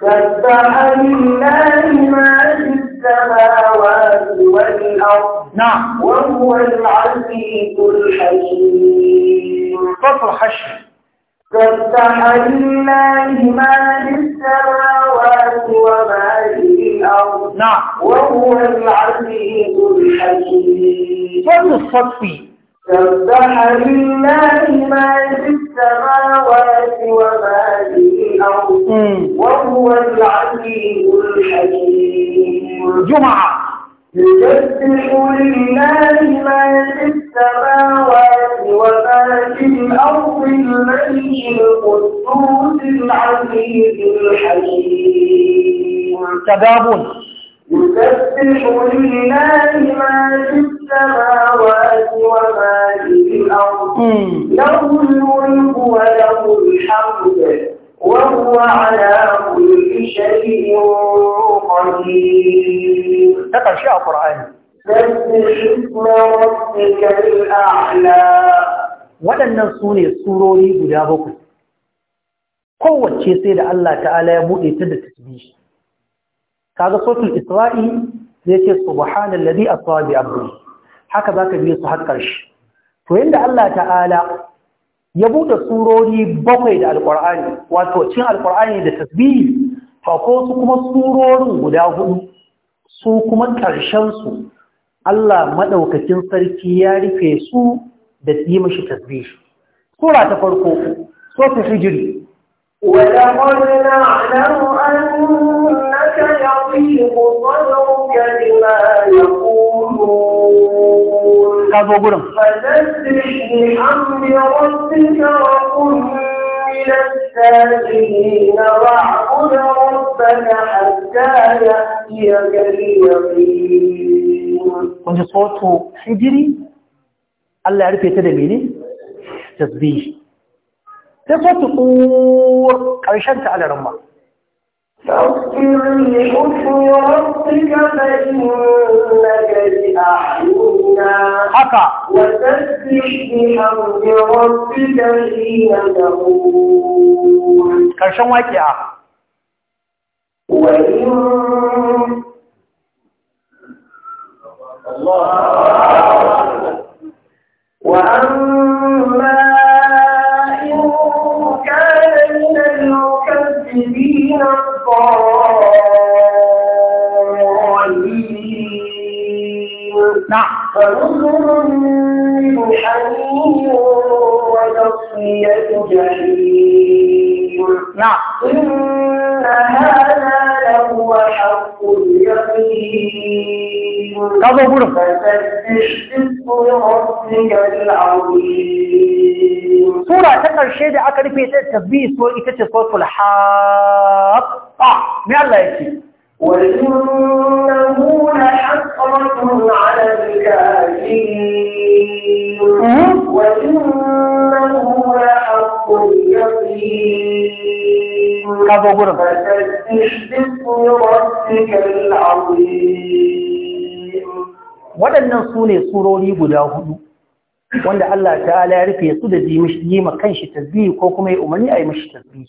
سبح لله ما في السماوات والأرض نعم وهو العزيز الحكيم فصل حشر سبح لله ما في السماوات وما في الأرض نعم وهو العزيز الحكيم فصل الصدفي سبح لله ما في السماوات وما في الأرض وهو العزيز الحكيم الجمعة يسبح لله ما في السماوات وما في الأرض الملك القدوس العزيز الحكيم تدابون guda bakwai kowace sai da Allah ta'ala ya buɗe ta da tasbihi kaga sautul isra'i zai ce subhanallazi asra bi abdi haka zaka biye su har karshe to yanda Allah ta'ala ya buɗe surori bakwai da alqur'ani wato cin alqur'ani da tasbihi to ko su kuma surorin guda hudu su kuma karshen su Allah madaukakin sarki ya rufe su da yi mashi tasbihi sura ta farko suratul ولقد نعلم أنك يضيق صدرك لما يقولون فسبح بحمد ربك وكن من الساجدين واعبد ربك حتى يأتيك اليقين. كنت صوته حجري الله يعرف يتدميني تدريج تفت قور عشان تعالى رمى فاغفر لحكم ربك فإنك بأعيننا حقا وتسبح بحمد ربك فإنك كرشم وإن الله وأما نعم ونزل من حميم وتصفية جحيم نعم إن هذا لهو حق اليقين فسبح باسم ربك العظيم سورة تقر شيء ده أكرفي تتبيه سورة تتبيه سورة الحاق آه. ما الله يكفي وإنه لحسرة على الكافرين وإنه لحق اليقين فسبح باسم ربك العظيم waɗannan su ne surori guda hudu wanda Allah ta'ala ya rufe su da yi ma kanshi tasbihi ko kuma ya umarni a yi mashi tasbihi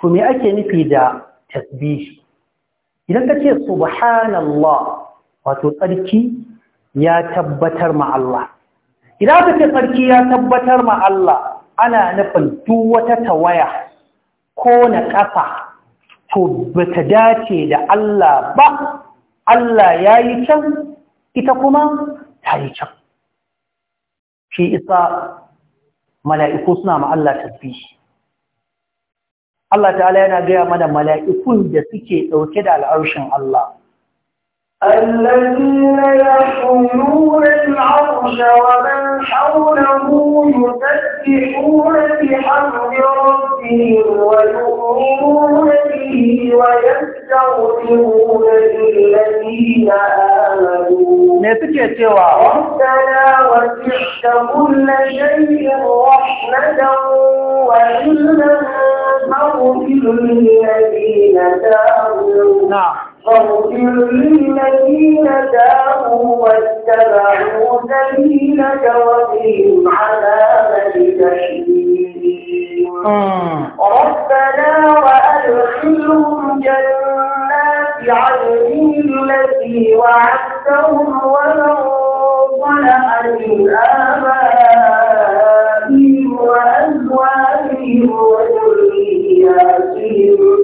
to me ake nufi da tasbihi idan ka ce subhanallah wato tsarki ya tabbatar ma Allah idan ka ce tsarki ya tabbatar ma Allah ana nufin duk wata tawaya ko na ƙasa to bata dace da Allah ba Allah ya yi can ita kuma ta yi can shi isa mala'iku suna ma Allah tasbihi Allah ta'ala yana gaya mana mala'ikun da suke ɗauke da al'arshin Allah. الذين يحملون العرش ومن حوله يسبحون بحمد ربهم ويؤمنون به ويستغفرون للذين آمنوا ربنا وسعت كل شيء رحمة وعلما نعم. فاغفر للذين تابوا واتبعوا سبيلك وقهم عذاب الجحيم ربنا وادخلهم جنات عدن التي وعدتهم ومن ظلم من ابائهم وازواجهم بآياتهم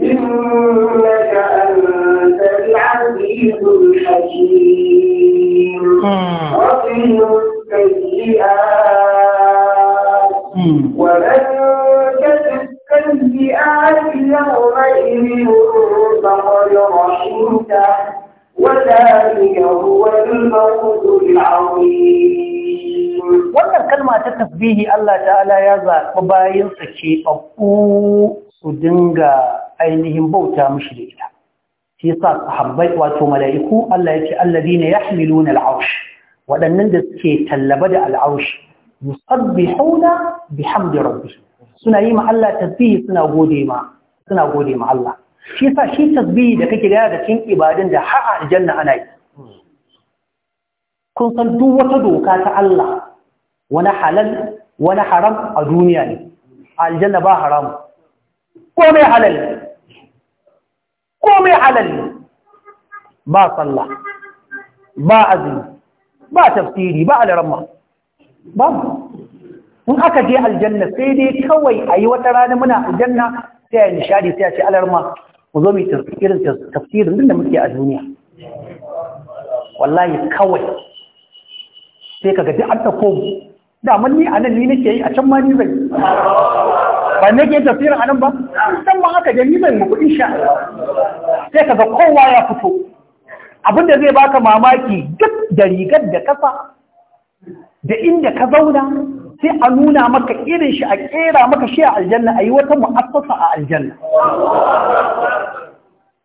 إنك أنت العزيز الحكيم وقهم السيئات ومن كسب السيئات يومئذ فقد رحمته وذلك هو المرء العظيم wannan kalma ta tasbihi Allah ta'ala ya zaɓi bayansa ke ɓaɓɓu su dinga ainihin bauta mushi da ita shi sa sahabbai wato mala'iku Allah yake alladhina yahmiluna al'arsh waɗannan da suke tallaba da al'arsh yusabbihuna bihamdi rabbi. suna yi ma Allah tasbihi suna gode ma suna gode ma Allah shi sa shi tasbihi da kake ga da cikin ibadun da har a aljanna ana yi kun san duk wata doka ta Allah wani halal wani haram a duniya ne aljanna ba haram komai halal komai halal ba sallah ba azumi ba tafsiri ba alramma ba in aka je aljanna sai dai kawai a yi wata rana muna aljanna sai a nishadi sai a ce alarma mu zo mu yi tafsirin da muke a duniya wallahi kawai sai kaga duk an ɗauko mu daman ni a nan ni nake yi a can ma ni zai ba ne ke tafiyar a nan ba dan ma aka da zai muku insha sai kaga kowa ya fito abinda zai baka mamaki duk da rigar da kasa da inda ka zauna sai a nuna maka irin shi a kera maka shi a aljanna a yi wata mu'assasa a aljanna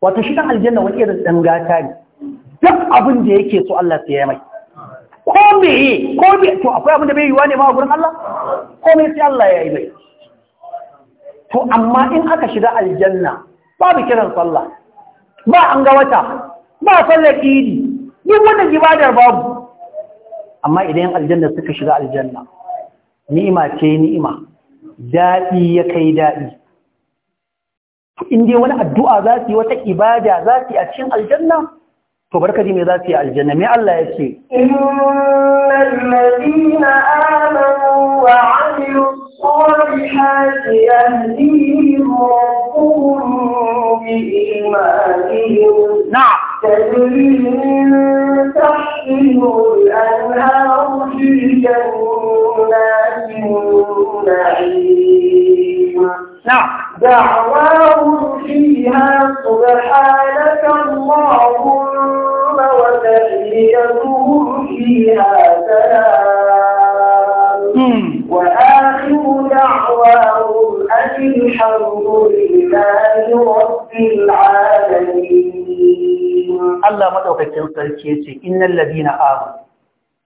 wato shi aljanna wani irin dan gata ne duk abin da yake so Allah sai ya mai ko me yi ko to akwai abin da bai yiwa ne ma a gurin Allah ko me sai Allah ya yi mai to amma in aka shiga aljanna babu kiran sallah ba an ga wata ba sallar idi duk wannan ibadar babu amma idan aljanna suka shiga aljanna ni'ima ce ni'ima daɗi ya kai daɗi in dai wani addu'a za su yi wata ibada za su yi a cikin aljanna to barka ji me za su yi aljanna me Allah ya ce innal ladina amanu wa amilus salihati yahdihim rabbuhum bi imanihim na'am tajri min tahtihim al-anharu fi jannatin na'im na'am دعواهم فيها سبحانك اللهم الحمد لله رب العالمين الله متوكل سرتي ان الذين امنوا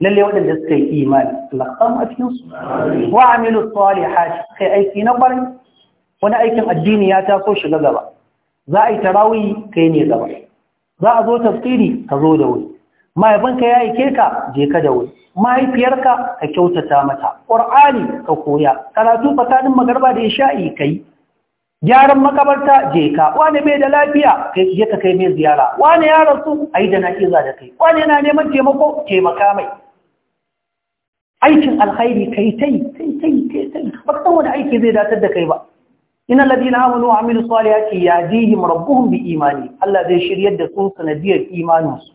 للي ودن سكاي ايمان لقم اكن وعملوا الصالحات كاي نبر وانا ايكن الدنيا تا سو شغا غبا ذا اي تراوي كاي ني mahaifinka ya aike ka je ka da wuri mahaifiyarka ka kyautata mata ƙur'ani ka koya karatu tsakanin magarba da ka kai gyaran makabarta je ka wani bai da lafiya je ka kai mai ziyara wani ya rasu yi da iza da kai wani yana neman taimako taimaka mai aikin alkhairi kai tai tai tai tai ba san wani aiki zai datar da kai ba Ina إن الذين آمنوا وعملوا الصالحات bi imani." Allah zai shirya da sun sanadiyar imaninsu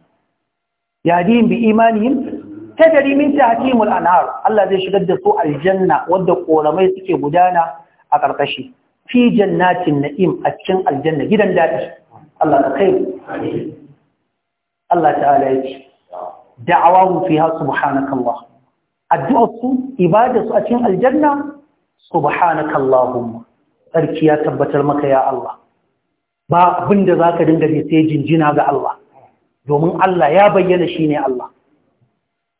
yadihim bi imanihim tajri min ta al-anhar Allah zai shigar da su aljanna wadda koramai suke gudana a karkashi fi jannatin na'im a cikin aljanna gidan dadi Allah ka kai Allah ta'ala ya ce da'awahu fiha subhanakallah ibada su a cikin aljanna subhanakallahumma sarki ya tabbatar maka ya Allah ba abinda zaka dinga bi sai jinjina ga Allah domin Allah ya bayyana shi ne Allah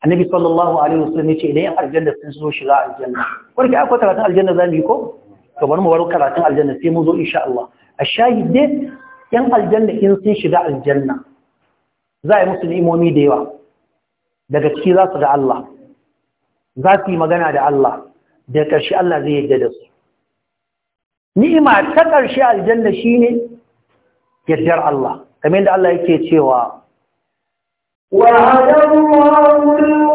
annabi sallallahu alaihi wasallam ya ce idan yan aljanna sun so shiga aljanna Warki akwai karatun aljanna za mu yi ko to bari mu waro karatun aljanna sai mu zo insha Allah a shahid dai yan aljanna in sun shiga aljanna za a yi musu ni'imomi da yawa daga ciki za su ga Allah za su yi magana da Allah da ƙarshe Allah zai yarda da su ni'ima ta ƙarshe aljanna shine yardar Allah kamar yadda Allah yake cewa وعد الله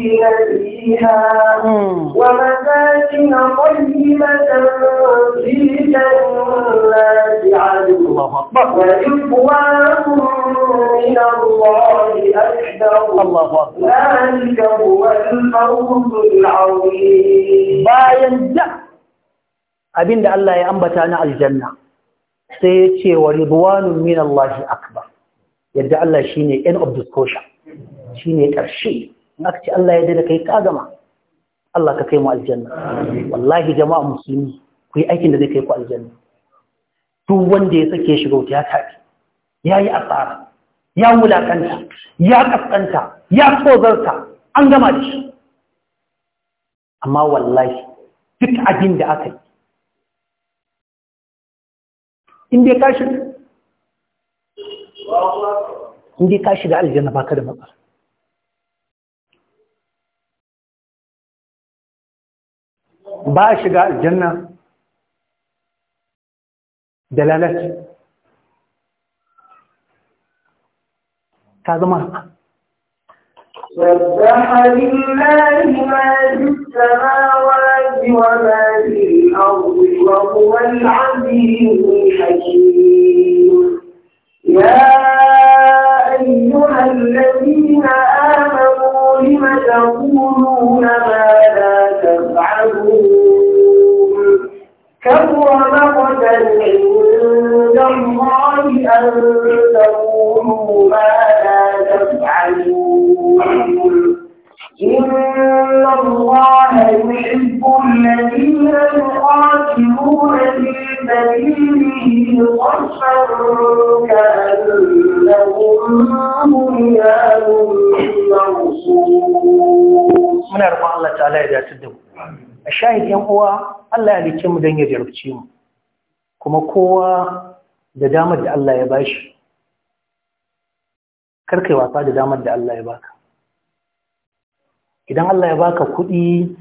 خالدين فيها ومساكن طيبة في جنات عدن ورضوان من الله أكبر الله ذلك هو الفوز العظيم باين abinda Allah ya ambata na aljanna sai ya ce wa ridwanun min Allah akbar yadda Allah shine end of discussion shine ƙarshe Akaci aka Allah ya daina kai ka Allah ka kai mu aljanna wallahi jama'a musulmi ku yi aikin da zai kai ku aljanna duk wanda ya sake shiga wuta ya tafi ya yi asara ya mulakanta, ya kaskanta ya tsozarta an gama da shi amma wallahi duk abin da aka yi in dai ka shiga aljanna ba ka aljanna baka da matsala ba shiga aljanna da lalace ta zama سبح لله ما في السماوات وما في الأرض وهو العزيز الحكيم يا أيها الذين آمنوا لم تقولون ما يقول كبر مقتا عند الله أن تقولوا ما لا تفعلون إن الله يحب الذين يقاتلون في سبيله صفا كأنهم بنيان مرصوص. من أربعة الله تعالى إذا تدعو a shahid yan uwa Allah ya rike mu don ya jarabce mu kuma kowa da damar da Allah ya bashi karkai wasa da damar da Allah ya baka idan Allah ya baka kuɗi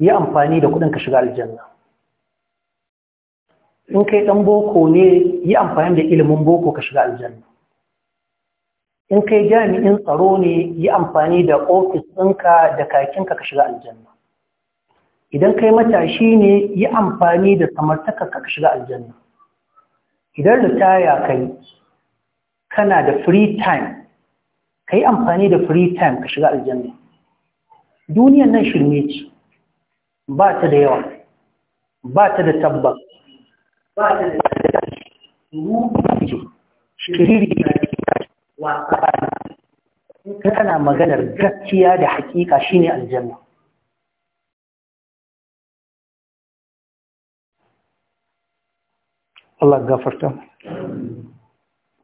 yi amfani da kuɗin ka shiga aljanna in kai ɗan boko ne yi amfani da ilimin boko ka shiga aljanna in kai jami'in tsaro ne yi amfani da ofis ɗinka da kakinka ka shiga aljanna idan kai matashi ne yi amfani da samartaka ka shiga aljanna idan ritaya kai kana da free time ka yi amfani da free time ka shiga aljanna duniyan nan shirme ce ba ta da yawa ba ta da tabba ba ta da shiriri wasa kana maganar gaskiya da hakika shine aljanna Allah gafarta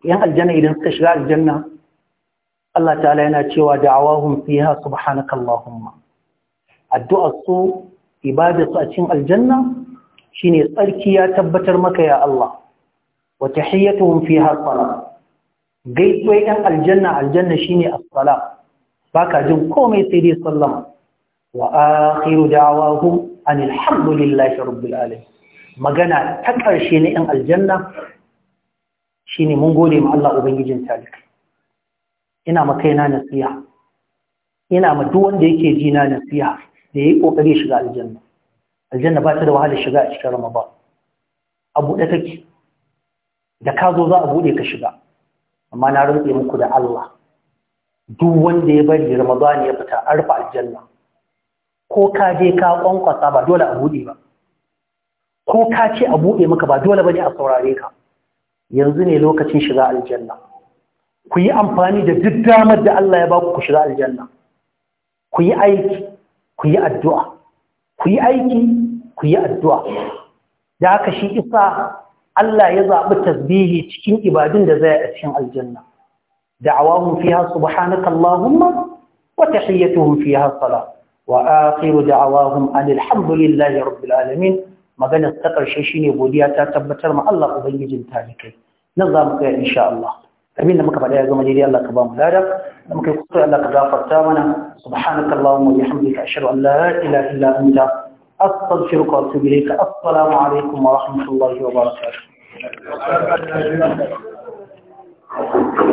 yan aljanna idan suka shiga aljanna Allah ta'ala yana cewa da'awahum fiha subhanaka allahumma addu'a su ibada su a cikin aljanna shine tsarki ya tabbatar maka ya Allah wa tahiyyatuhum fiha salam gaisuwai yan aljanna aljanna shine as Ba baka jin komai sai dai sallama wa akhiru da'awahum anil hamdulillahi rabbil alamin magana ta ƙarshe na 'yan aljanna shi ne mun gode ma Allah Ubangijin talikai ina ma kaina nasiya ina ma duk wanda yake jina na nasiya da ya yi ƙoƙari shiga aljanna aljanna ba ta da wahala shiga a cikin ramadan a buɗe take da ka zo za a buɗe ka shiga amma na rantse muku da Allah duk wanda ya bari ramadan ya fita a rufe aljanna ko ka je ka kwankwasa ba dole a buɗe ba ko ka ce a buɗe maka ba dole bane a saurare ka yanzu ne lokacin shiga aljanna ku yi amfani da duk damar da Allah ya ba ku shiga aljanna ku yi aiki ku yi addu'a ku yi aiki ku yi addu'a da haka shi isa Allah ya zaɓi tasbihi cikin ibadun da zai a cikin aljanna da'awahum fiha subhanaka allahumma wa tahiyyatuhum fiha salam wa akhiru da'awahum alhamdulillahi rabbil alamin maganar ta ƙarshe shine godiya ta tabbatar ma Allah ubangijin talikai nan za mu kai insha Allah abin da muka faɗa ya zama daidai Allah ka ba mu lada da muka kuskure Allah ka gafarta mana subhanaka allahumma wa bihamdika ashhadu an la ilaha illa anta astaghfiruka wa atubu ilayka assalamu alaikum wa rahmatullahi wa barakatuh